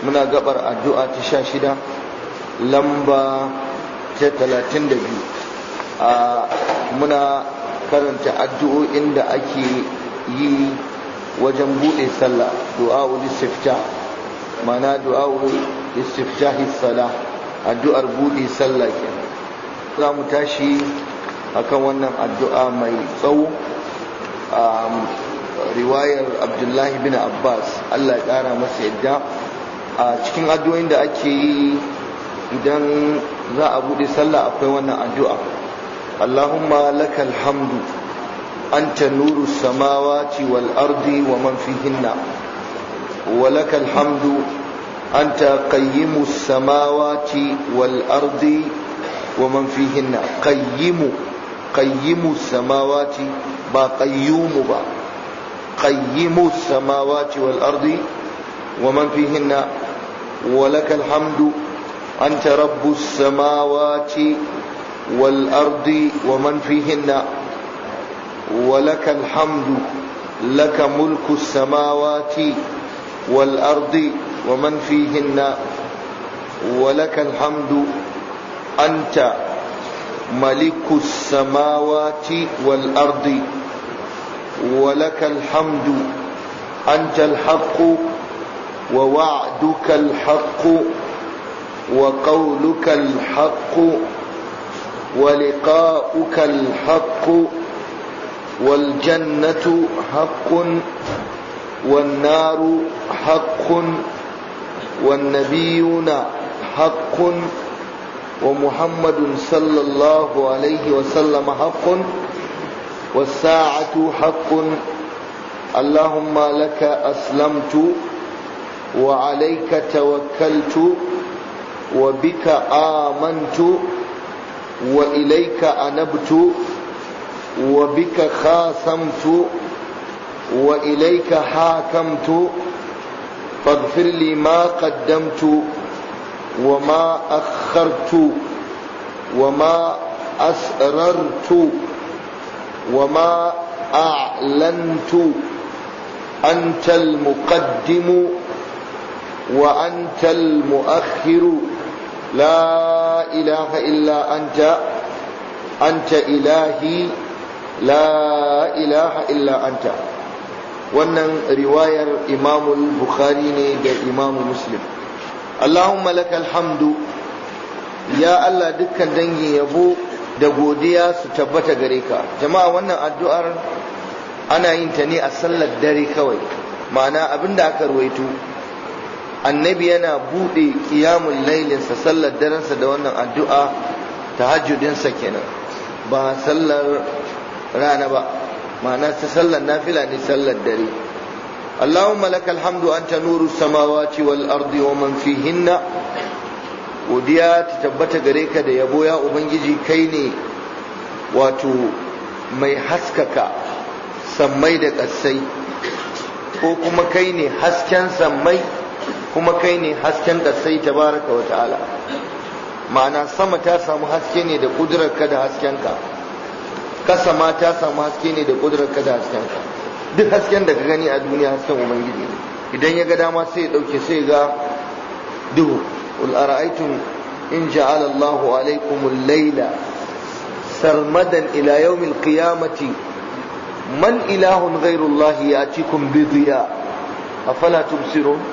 muna gabar addu'a ta sha shida lamba ta talatin da biyu a muna karanta addu'o'in da ake yi wajen buɗe sallah du'a'ul sifta mana du'a'ul sifta hissala addu'ar buɗe sallah ke. za mu tashi akan wannan addu'a mai tsawo riwayar abdullahi bin abbas allah ya ƙara masa yadda a cikin addu'o'in da ake yi idan za a bude sallah akwai wannan addu'a Allahumma lakal hamdu anta nuru samawati wal ardi wa man fihinna wa lakal hamdu anta qayyimu samawati wal ardi wa man fihinna qayyimu qayyimu samawati ba qayyumu ba qayyimu samawati wal ardi wa man fihinna ولك الحمد أنت رب السماوات والأرض ومن فيهن ولك الحمد لك ملك السماوات والأرض ومن فيهن ولك الحمد أنت ملك السماوات والأرض ولك الحمد أنت الحق ووعدك الحق وقولك الحق ولقاؤك الحق والجنة حق والنار حق والنبيون حق ومحمد صلى الله عليه وسلم حق والساعة حق اللهم لك أسلمت وعليك توكلت وبك آمنت وإليك أنبت وبك خاصمت وإليك حاكمت فاغفر لي ما قدمت وما أخرت وما أسررت وما أعلنت أنت المقدم وأنت المؤخر لا إله إلا أنت أنت إلهي لا إله إلا أنت wannan riwayar imamul bukhari ne ga imamu muslim allahumma lakal hamdu ya allah dukkan dangin yabo da godiya su tabbata gare ka jama'a wannan addu'ar ana yin ta ne a sallar dare kawai ma'ana abinda aka ruwaito annabi yana bude qiyamul lailinsa sallar da wannan addu'a hajjudinsa kenan ba sallar rana ba ma'ana ta sallar nafila ne sallar dare Allahumma اللهم لك الحمد أنت نور السماوات والأرض tabbata gare ka da yabo ya ubangiji kai ne wato mai haskaka sammai da ƙasai ko kuma kai ne hasken sammai kuma kai ne hasken sai ta baraka wa ta'ala ma'ana sama ta samu haske ne da kudurarka da ka. kasa ma ta samu haske ne da kudurarka da ka. duk hasken da ka gani a duniya hasken ubangiji ne idan ya ga dama sai ya dauke sai ga duhu Ul'ara'aitun ara'aytum in ja'ala Allahu alaykum al-layla sarmadan ila yawm al-qiyamati man ilahun ghayru Allah ya'tikum bi dhiya afala tubsirun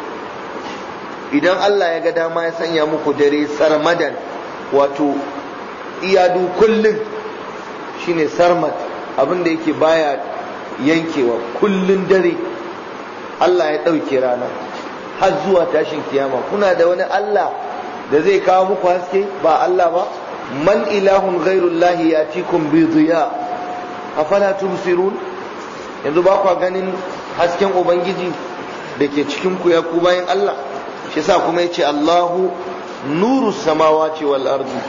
idan Allah ya ga dama ya sanya muku dare sarmadan wato iyadu kullun shine sarmad abin da yake baya yankewa kullun dare Allah ya ɗauke rana har zuwa tashin kiyama kuna da wani Allah da zai kawo muku haske ba Allah ba man ilahun ghairullahi yatikum bi a afala tubsirun yanzu ba kwa ganin hasken ubangiji da ke cikin ya ku bayan Allah shi sa kuma ce Allahu nuru ce wal ardu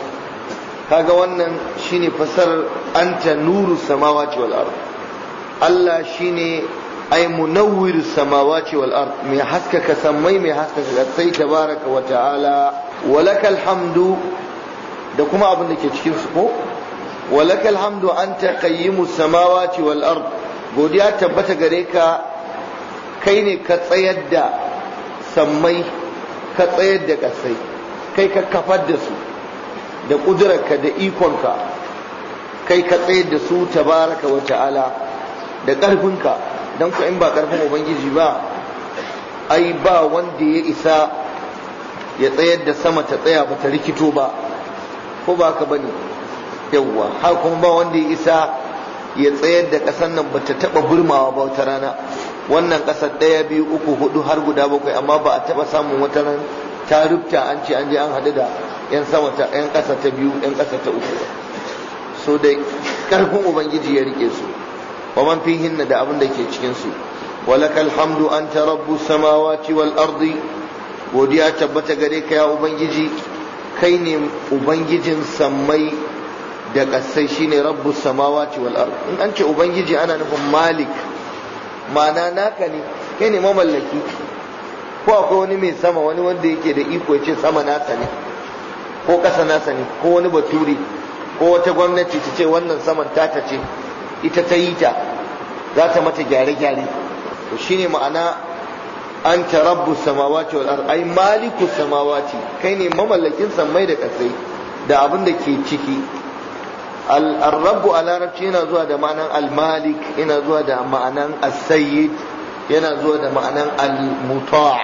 kaga wannan shine fasar anta nuru ce wal ardu Allah shine ay munawwir ce wal ardu mai haskaka sammai mai haskaka sai tabaraka wa ta'ala walakal hamdu da kuma abin da ke cikin su ko walakal hamdu anta qayyimu samawati wal ardu godiya tabbata gare ka kai ne ka tsayar da sammai ka tsayar da kasai kai ka kafar da su da ƙudurarka da ikonka kai ka tsayar da su baraka wa ta'ala da ƙarfinka don ku in ba ƙarfin ubangiji ba ai ba wanda ya isa ya tsayar da sama ta tsaya ba ta rikito ba ko ba ka bane yawwa har kuma ba wanda ya isa ya tsayar da ƙasar nan ba ta taɓa gurmawa ba wata rana wannan kasar ɗaya biyu uku hudu har guda bakwai amma ba a taɓa samun wata nan ta rubta an ce an je an haɗu da 'yan sama ta 'yan ƙasa ta biyu 'yan ƙasa ta uku so da ƙarfin ubangiji ya rike su wa man fihinna da abin da ke cikin su walakal hamdu anta rabbu samawati wal ardi godiya tabbata gare ka ya ubangiji kai ne ubangijin sammai da ƙasai shine rabbu samawati wal ardi in an ce ubangiji ana nufin malik ma'ana naka ne kai ne mamallaki ko akwai wani mai sama wani wanda yake da iko ce sama nasa ne ko ƙasa nasa ne ko wani baturi, ko wata gwamnati ta ce wannan saman tata ce ita ta yi ta za ta mata gyare-gyare to shine ma'ana an ta rabbu samawati wa ai maliku samawati kai ne mamallakin sammai da ƙasai da abin da ke ciki al a larabci yana zuwa da ma'anan al-malik yana zuwa da ma'anan al sayyid yana zuwa da ma'anan al-muta'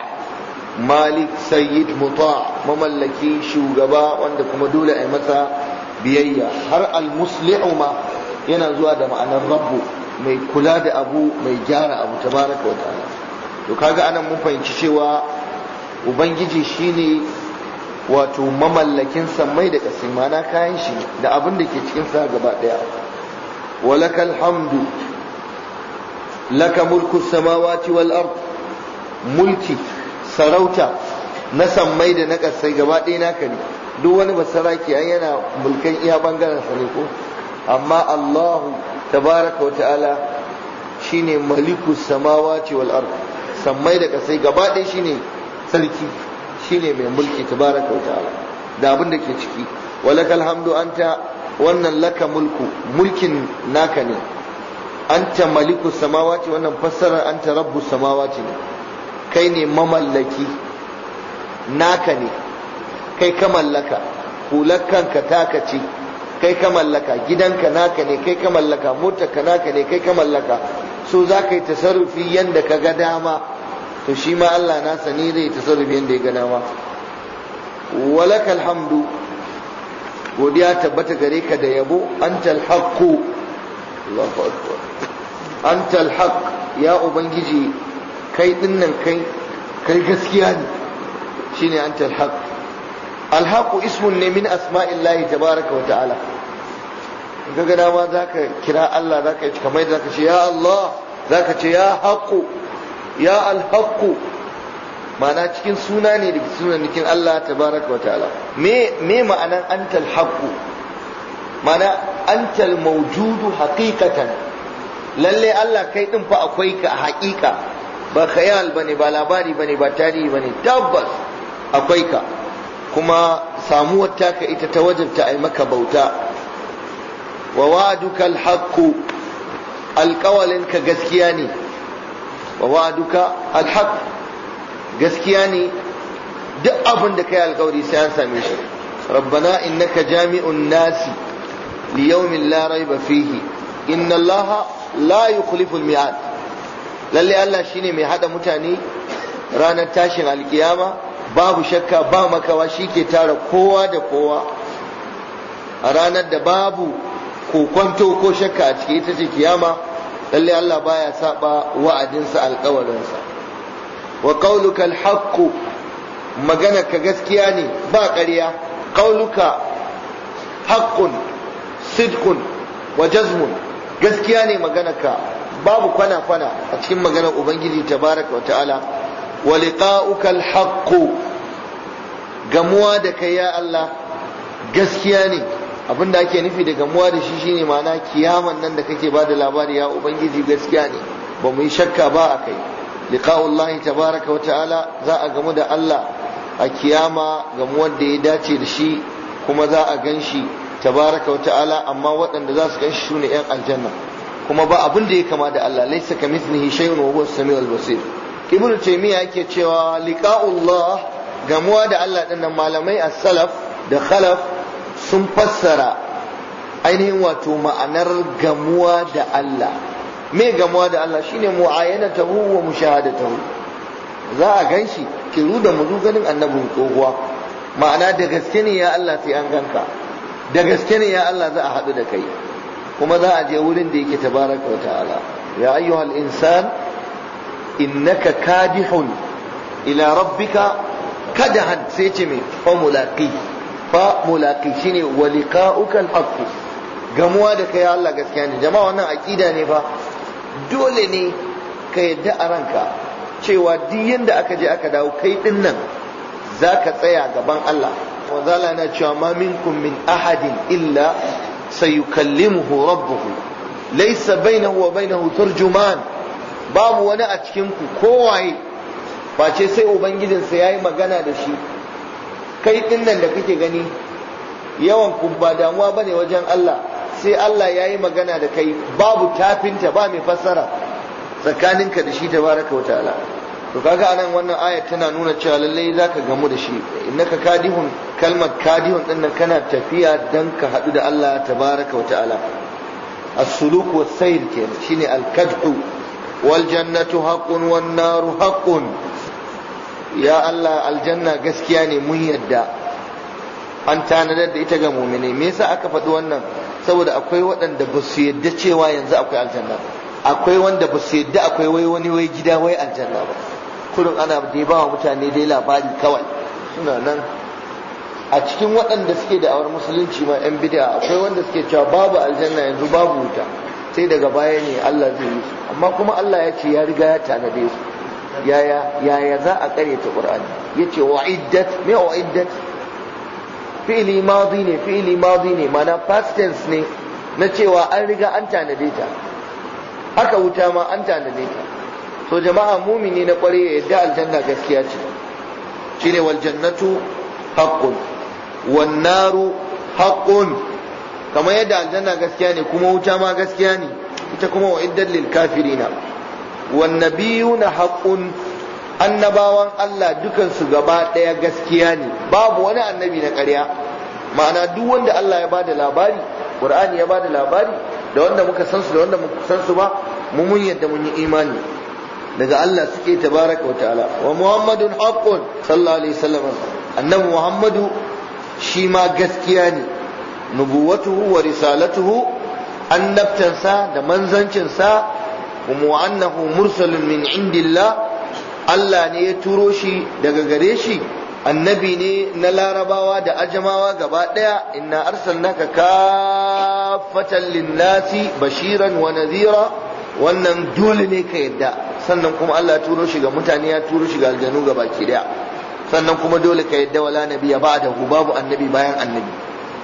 malik sayyid muta' mamallaki shugaba wanda kuma dole a yi masa biyayya har al-musli'u ma yana zuwa da ma'anan rabbu mai kula da abu mai gyara abu tabaraka wa ta'ala to kaga anan mun fahimci cewa ubangiji shine wato mamallakin sammai da ƙasai mana kayan shi da abin da ke cikin sa gaba ɗaya walakal hamdu laka mulku samawati wal ard mulki sarauta na sammai da na ƙasai gaba ɗaya naka ne duk wani basaraki an yana mulkan iya bangaren sa ne ko amma Allahu tabaraka wa ta'ala shine maliku samawati wal ard sammai da ƙasai gaba ɗaya shine sarki shine mai mulki tabaraka wa ta'ala da abin da ke ciki walakal hamdu anta wannan laka mulku mulkin naka ne anta maliku samawati wannan fassarar anta rabbu samawati ne kai ne mamallaki naka ne kai ka mallaka hulakkanka taka ce kai ka mallaka gidanka naka ne kai ka mallaka motarka naka ne kai ka mallaka so za ka yi tasarrufi yadda ka ga dama to shi ma Allah na ne zai tasarrufi yadda ya ga dama walakal alhamdu. godiya tabbata gare ka da yabo antal haqqu Allahu akbar antal haqq ya ubangiji kai dinnan kai kai gaskiya ne shine antal haqq al haqqu ismun ne min Asma'il asma'illahi tabaraka wa ta'ala kaga dama zaka kira Allah zaka yi kamar zaka ce ya Allah zaka ce ya haqqu ya alhaku, ma'ana cikin suna ne da sunanikin Allah tabaraka wa ta'ala me ma'anan antal haqqu ma'ana antal mawjudu haqiqatan lalle Allah kai ɗin fa akwai ka haƙiƙa? ba khayal bane ba labari bane ba tarihi bane tabbas akwai ka kuma samuwar taka ita ta wajabta ai maka bauta wa wa'duka alhaku alqawlin ka gaskiya ne wa wa'aduka alhaq gaskiya ne duk abin da kai alkawari sai an same shi rabbana innaka jami'un nasi li yawmin la rayba fihi inna allaha la yukhlifu al-mi'ad lalle Allah shine mai hada mutane ranar tashin alkiyama babu shakka ba makawa shi ke tara kowa da kowa a ranar da babu ko kwanto ko shakka a ciki ita ce kiyama lalle Allah baya saba wa'adinsa alkawarinsa wa qauluka alhaqqu magana ka gaskiya ne ba ƙarya qauluka haqqun sidqun wa jazmun gaskiya ne magana ka babu kwana kwana a cikin maganar ubangiji tabaraka wa ta'ala wa liqa'uka alhaqqu gamuwa da kai ya Allah gaskiya ne abin da ake nufi da gamuwa da shi shine ma'ana kiyaman nan da kake ba da labari ya ubangiji gaskiya ne ba mu yi shakka ba a kai liqa'ullahi tabaraka wa ta'ala za a gamu da Allah a kiyama gamuwar da ya dace da shi kuma za a gan shi tabaraka wa ta'ala amma waɗanda za su gan shi shine yan aljanna kuma ba abin da ya kama da Allah laysa kamithlihi shay'un wa huwa as-sami'ul basir ibnu taymiya yake cewa liqa'ullah gamuwa da Allah dinnan malamai as-salaf da khalaf sun fassara ainihin wato ma'anar gamuwa da Allah me gamuwa da Allah shine ta mu mu'ayanatahu wa ta za a ganshi kiru da muzu ganin annabin tsohuwa ma'ana da gaske ne ya Allah sai an ganka da gaske ne ya Allah za a haɗu da kai kuma za a je wurin da yake tabaraka wa ta'ala ya ayyuhal insan innaka kadihun ila rabbika kadahan sai ce mai famulaqi fa mulaki shine wa liqa'uka gamuwa da kai Allah gaskiya ne jama'a wannan aqida ne fa dole ne ka yadda a ranka cewa duk yanda aka je aka dawo kai din nan zaka tsaya gaban Allah wa zala na cewa ma minkum min ahadin illa sayukallimuhu rabbuhu laysa bainahu wa bainahu turjuman babu wani a cikin ku kowaye ce sai ubangijinsa yayi magana da shi kai ɗinnan da kake gani yawan ku ba damuwa bane wajen Allah sai Allah ya yi magana da kai babu tafinta ba mai fassara tsakaninka da shi tabaraka wata'ala to kaga anan wannan aya tana nuna cewa lallai zaka gamu da shi innaka kadihun kalmar kadihun din kana tafiya dan ka haɗu da Allah tabaraka wata'ala as-suluk was-sayr kenan shine al-kadhu wal jannatu haqqun wan naru haqqun ya Allah aljanna gaskiya ne mun yadda an tanadar da ita ga mumini me yasa aka faɗi wannan saboda akwai waɗanda ba su yadda cewa yanzu akwai aljanna akwai wanda ba su yadda akwai wai wani wai gida wai aljanna ba kurin ana da ba wa mutane dai labari kawai suna nan a cikin waɗanda suke da awar musulunci ma yan bid'a akwai wanda suke cewa babu aljanna yanzu babu wuta sai daga baya ne Allah zai yi amma kuma Allah ya ce ya riga ya tanade su yaya yaya za a karyata qur'ani yace wa'iddat me wa'iddat fi'li madi ne fi'li madi ne mana past tense ne na cewa an riga an tanade ta haka wuta ma an tanade ta so jama'a mumini na kware ya yadda aljanna gaskiya ce shine wal jannatu haqqun wan naru haqqun kamar yadda aljanna gaskiya ne kuma wuta ma gaskiya ne ita kuma wa'iddat lil kafirina na haqqun annabawan Allah dukansu gaba ɗaya gaskiya ne babu wani annabi na ƙarya ma'ana duk wanda Allah ya bada labari ƙur'ani ya bada labari da wanda muka san su da wanda muka san su ba mu mun yadda mun yi imani daga Allah suke tabaraka wa ta'ala wa Muhammadun haqqun sallallahu alaihi wasallam annabi Muhammadu shi ma gaskiya ne nubuwatuhu wa risalatuhu annabtansa da manzancin sa. kuma wa annahu mursalun min indillah Allah ne ya turo shi daga gare shi annabi ne na larabawa da ajamawa gaba ɗaya inna arsalnaka kafatan linnasi bashiran wa nadhira wannan dole ne ka yadda sannan kuma Allah turo shi ga mutane ya turo shi ga aljanu gaba ki ɗaya. sannan kuma dole ka yadda wala ba'ada hu babu annabi bayan annabi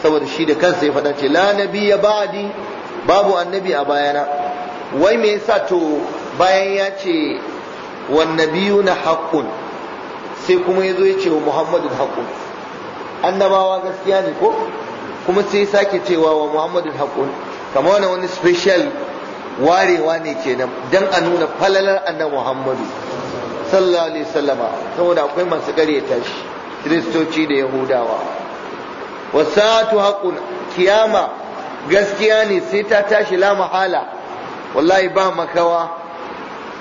saboda shi da kansa ya faɗa ce la ya ba'di babu annabi a bayana wai me yasa to bayan ya ce wannabiyu na haƙƙun sai kuma ya zo ya ce wa muhammadu haƙƙun annabawa gaskiya ne ko kuma sai sake cewa wa muhammadu haƙƙun kamar wani wani special warewa ne kenan dan a nuna falalar annabi muhammadu sallallahu alaihi wasallama saboda akwai masu ƙaryata shi kiristoci da yahudawa wasatu haƙƙun kiyama gaskiya ne sai ta tashi la mahala wallahi ba makawa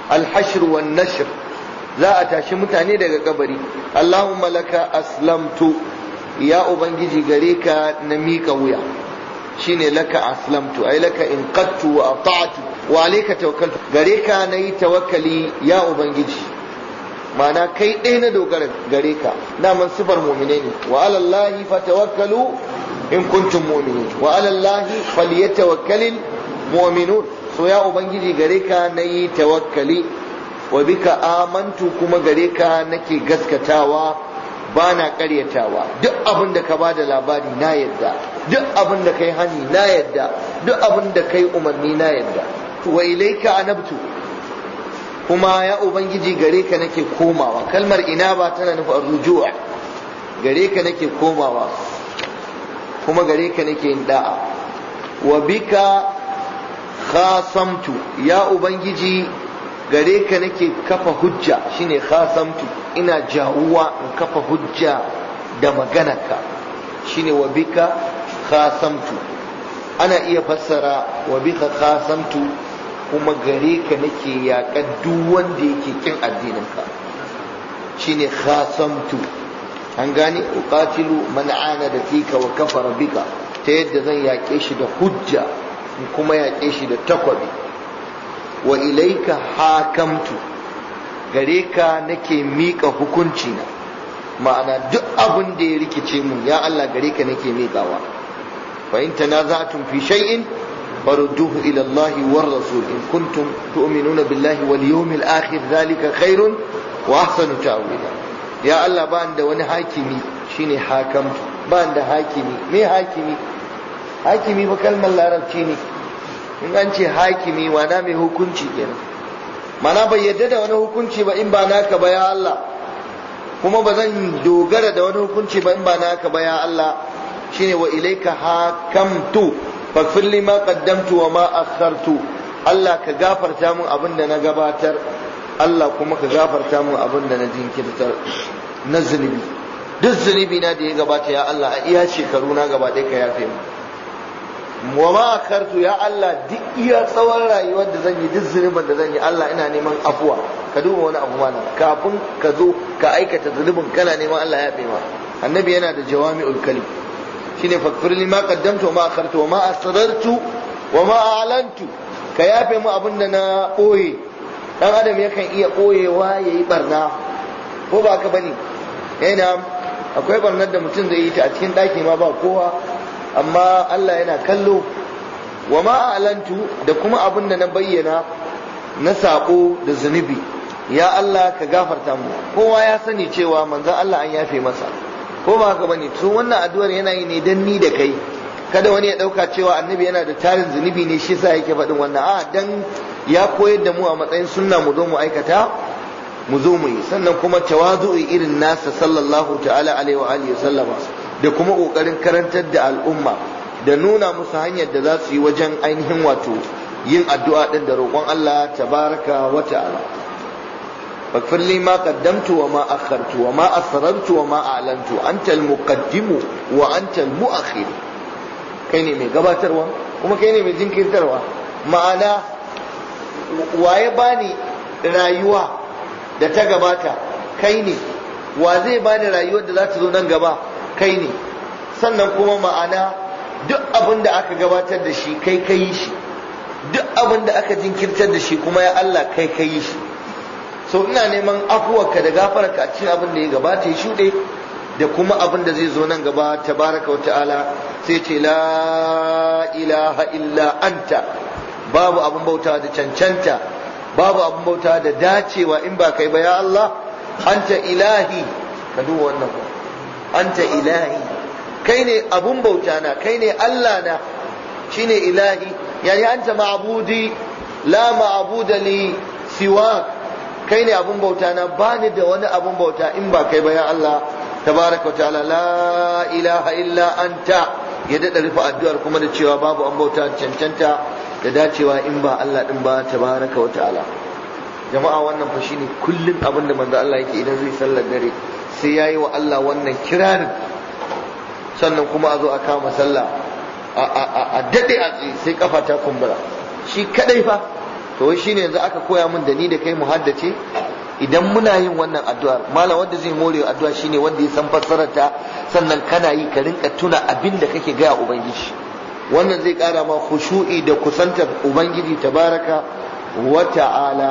alhashr wan nashr za a tashi mutane daga kabari Allahumma laka aslamtu ya ubangiji gare ka na miƙa wuya shine laka aslamtu ai laka in qattu wa ata'tu wa alayka tawakkaltu gare ka nayi tawakkali ya ubangiji mana kai ɗaya na dogara gare ka man sifar mu'mine ne wa alallahi fatawakkalu in kuntum mu'minin wa alallahi falyatawakkalil mu'minun so ya ubangiji gare ka na yi tawakkali wa bika amantu kuma gare ka nake gaskatawa ba na karyatawa duk abin da ka ba da labari na yadda duk abin da kai hani na yadda duk abin da kai umarni na yadda wa ilaika anabtu kuma ya ubangiji gare ka nake komawa kalmar ina ba tana nufin rujuwa gare ka nake komawa kuma gare ka nake yin da'a wa bika khasamtu ya ubangiji gare ka nake kafa hujja shine khasamtu ina jawuwa in kafa hujja da maganarka shine wa bika khasamtu ana iya fassara wa bika khasamtu kuma gare ka nake yaƙar duk wanda yake kin addininka shine khasamtu an gane uqatilu man'ana da fika wa kafara bika ta yadda zan yaƙe shi da hujja kuma yaƙe shi da takwabi wa ilaika hakamtu gare ka nake miƙa hukunci na ma'ana duk abin da ya rikice mu ya Allah gare ka nake miƙawa na za tun fi shaiin farudduhu ila Allah war rasul in kuntum tu'minuna billahi wal yawmil akhir zalika khairun wa ahsanu ta'wila ya Allah ba da wani hakimi shine hakamtu ba da hakimi me hakimi hakimi ba kalmar larabci ne in an ce hakimi wana mai hukunci kenan mana bai yadda da wani hukunci ba in ba naka ba ya Allah kuma ba zan dogara da wani hukunci ba in ba naka ba ya Allah shine wa ilaika hakamtu faghfir li ma qaddamtu wa ma akhartu Allah ka gafarta mun abin da na gabatar Allah kuma ka gafarta mun abin da na jinkirtar na zunubi duk zunubi na da ya gabata ya Allah a iya shekaru na gaba ɗaya ka yafe mu wa ma kartu ya Allah duk iya tsawon rayuwar da zan yi duk zunubin da zan yi Allah ina neman afuwa ka duba wani abu mana kafin ka zo ka aikata zunubin kana neman Allah ya ma annabi yana da jawami'ul kalim shine fakfir li ma qaddamtu wa ma akhartu wa ma asrartu wa ma a'lantu ka yafe mu abin da na koye dan adam yakan iya koyewa yayi barna ko ba ka bane yana akwai barnar da mutum zai yi ta a cikin daki ma ba kowa amma Allah yana kallo wa ma alantu da kuma abin da na bayyana na sako da zunubi ya Allah ka gafarta mu kowa ya sani cewa manzon Allah an yafe masa ko ba haka bane to wannan addu'ar yana yi ne dan ni da kai kada wani ya dauka cewa annabi yana da tarin zunubi ne shi yasa yake faɗin wannan a dan ya koyar da mu a matsayin sunna mu zo mu aikata mu zo mu yi sannan kuma tawazu'i irin nasa sallallahu ta'ala alaihi wa alihi sallama da kuma ƙoƙarin karantar da al'umma da nuna musu hanyar da za su yi wajen ainihin wato yin addu'a ɗin da roƙon Allah tabaraka wa ta'ala wa ma asrartu wa ma a'lantu anta al-muqaddimu wa anta al وأنت Kai ne mai gabatarwa? kuma kai ne mai jinkirtarwa ma'ana waye bani rayuwa da ta gabata kai ne wa zai bani rayuwar da za ta zo nan gaba kai ne sannan kuma ma'ana duk abin da aka gabatar da shi kai ka shi duk abin da aka jinkirtar da shi kuma ya Allah kai kai shi so ina neman afuwarka da gafararka a cikin abin da ya gabata ya shuɗe da kuma abin da zai zo nan gaba tabaraka wa ta'ala sai ce la ilaha illa anta babu abin bauta da cancanta babu abin bauta da dacewa in ba kai ba ya Allah anta ilahi ka duba wannan anta ilahi kai abun bauta na kai Allah na shine ilahi yani anta ma'budi la ma'buda siwa kai abun bauta na bani da wani abun bauta in ba kai ba ya Allah tabaraka wa ta'ala la ilaha illa anta ya daɗa rufe addu'ar kuma da cewa babu an bauta cancanta da dacewa in ba Allah ɗin ba tabaraka wa ta'ala jama'a wannan fa shine kullum abin da manzo Allah yake idan zai sallar dare sai ya yi wa Allah wannan kirarin sannan kuma a zo a kama sallah a daɗe a tsaye sai kafa ta kumbura shi kadai fa to shi ne yanzu aka koya min da ni da kai mu haddace idan muna yin wannan addu'a malam wanda zai more addu'a shine wanda ya san fassarar ta sannan kana yi ka rinka tuna abin da kake gaya ubangiji wannan zai kara ma khushu'i da kusantar ubangiji tabaraka wa ta'ala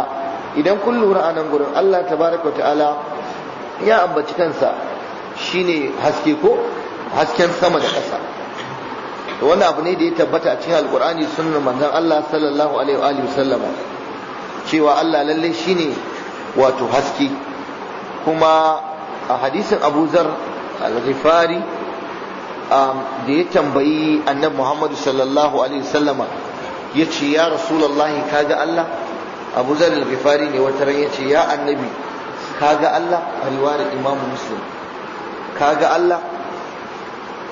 idan kun lura a gurin Allah tabaraka wa ta'ala ya ambaci kansa shine haske ko hasken sama da ƙasa Wani abu ne da ya tabbata a cikin alkur'ani sunnar manzon Allah sallallahu alaihi wa sallama cewa Allah lalle shine wato haske kuma a hadisin Abu Zar al-Ghifari um, da ya tambayi annabi Muhammad sallallahu alaihi sallama yace ya Rasulullah kaga Allah Abu Zar al-Ghifari ne wata ran yace ya annabi kaga Allah a riwayar Imam Muslim kaga Allah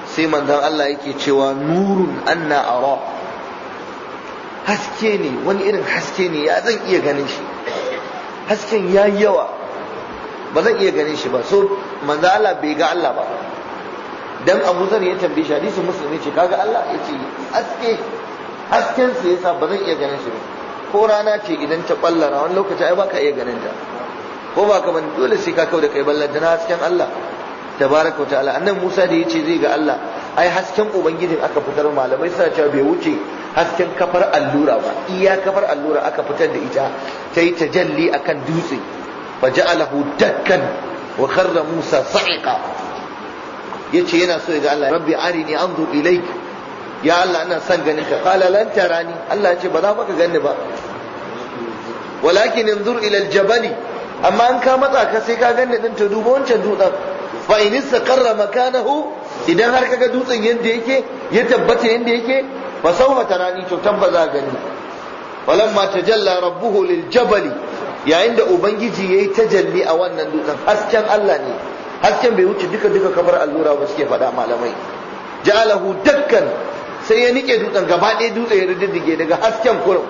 sai manzon Allah yake cewa nurun anna ara haske ne wani irin haske ne ya zan iya ganin shi hasken ya yi yawa ba zan iya ganin shi ba so manzon Allah bai ga Allah ba dan Abu Zar ya tambaye shi hadisin Muslim ya ce kaga Allah ya ce haske hasken sa yasa ba zan iya ganin shi ba ko rana ce idan ta ballara wani lokaci ai baka iya ganin ta ko ba ka bane dole sai ka kau da kai ballanta na hasken Allah tabaraka wa ta'ala annan Musa da yace zai ga Allah ai hasken ubangijin aka fitar malamai suna cewa bai wuce hasken kafar allura ba iya kafar allura aka fitar da ita ta yi tajalli akan dutse fa ja'alahu dakkan wa kharra Musa sa'iqa yace yana so ya ga Allah rabbi arini anzu ilayk ya Allah ina son ganin ka qala lan tarani Allah ya ce ba za ka ganni ba walakin anzur ila al amma in ka matsa ka sai ka ganda din ta duba wancan dutsen fa in istaqarra makanahu idan har kaga dutsen yanda yake ya tabbata yanda yake fa sawfa tarani to tabbaza gani walamma tajalla rabbuhu lil jabali yayin da ubangiji yayi tajalli a wannan dutsen hasken Allah ne hasken bai wuce duka duka kamar allura ba suke faɗa malamai ja'alahu dakkan sai ya nike dutsen gaba ɗaya dutsen ya riddige daga hasken kurum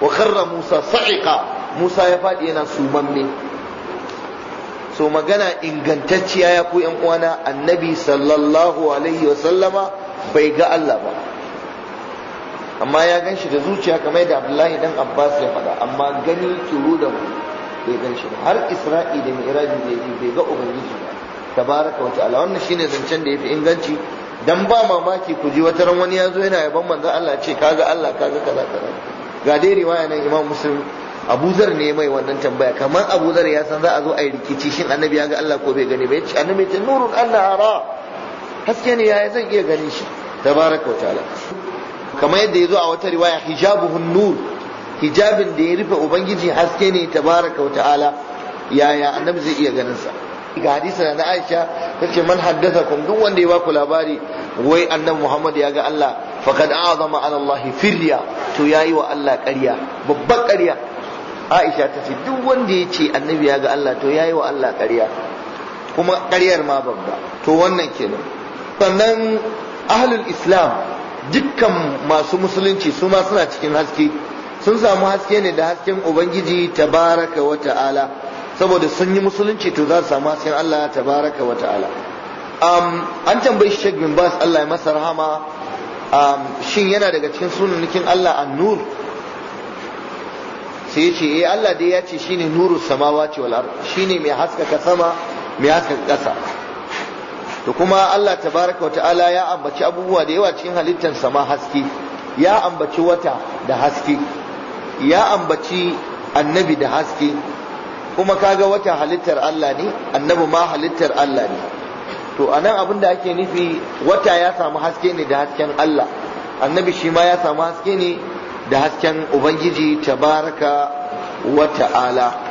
wa kharra musa sa'iqa Musa ya faɗi yana sumamme so magana ingantacciya ya ku yan uwana annabi sallallahu alaihi wasallama bai ga Allah ba amma ya gan shi da zuciya kamar da Abdullahi dan Abbas ya faɗa amma gani turu da mu bai gan shi ba har Isra'i da Mi'raji da yi bai ga ubangiji ba tabaraka wa ta'ala wannan shine zancen da yafi inganci dan ba mamaki ku ji wata ran wani ya zo yana yaban manzon Allah ce kaga Allah kaga kaza kaza ga dai riwaya nan Imam Muslim Abu Zar ne mai wannan tambaya kamar Abu Zar ya san za a zo a yi rikici shin annabi ya ga Allah ko bai gani ba ya ce annabi ta nurun Allah ara haske ne yaya zan iya ganin shi tabaraka wa ta'ala kamar yadda ya zo a wata riwaya hijabuhun nur hijabin da ya rufe ubangiji haske ne tabaraka wa ta'ala yaya annabi zai iya ganin sa ga hadisin na Aisha tace man kun duk wanda ya ba ku labari wai annabi Muhammad ya ga Allah faqad a'zama ala Allah firya to yayi wa Allah ƙarya babbar ƙarya aisha ta ce duk wanda ya ce annabi ya ga Allah to yayi wa Allah ƙarya kuma ƙaryar ma babba to wannan kenan sannan ahlul islam dukkan masu musulunci su ma suna cikin haske sun samu haske ne da hasken ubangiji tabaraka wa ta'ala saboda sun yi musulunci to za su samu hasken Allah tabaraka wa ta'ala an tambayi shek bin Bas Allah ya masa rahama shin yana daga cikin sunan Allah an-nur sai ya ce eh Allah dai ya ce shine nuru samawati wal ard shine mai haskaka sama mai haskaka ƙasa to kuma Allah tabaraka wa ta'ala ya ambaci abubuwa da yawa cikin halittar sama haske ya ambaci wata da haske ya ambaci annabi da haske kuma kaga wata halittar Allah ne annabi ma halittar Allah ne to anan abin da ake nufi wata ya samu haske ne da hasken Allah annabi shi ma ya samu haske ne da hasken ubangiji tabaraka wa ta'ala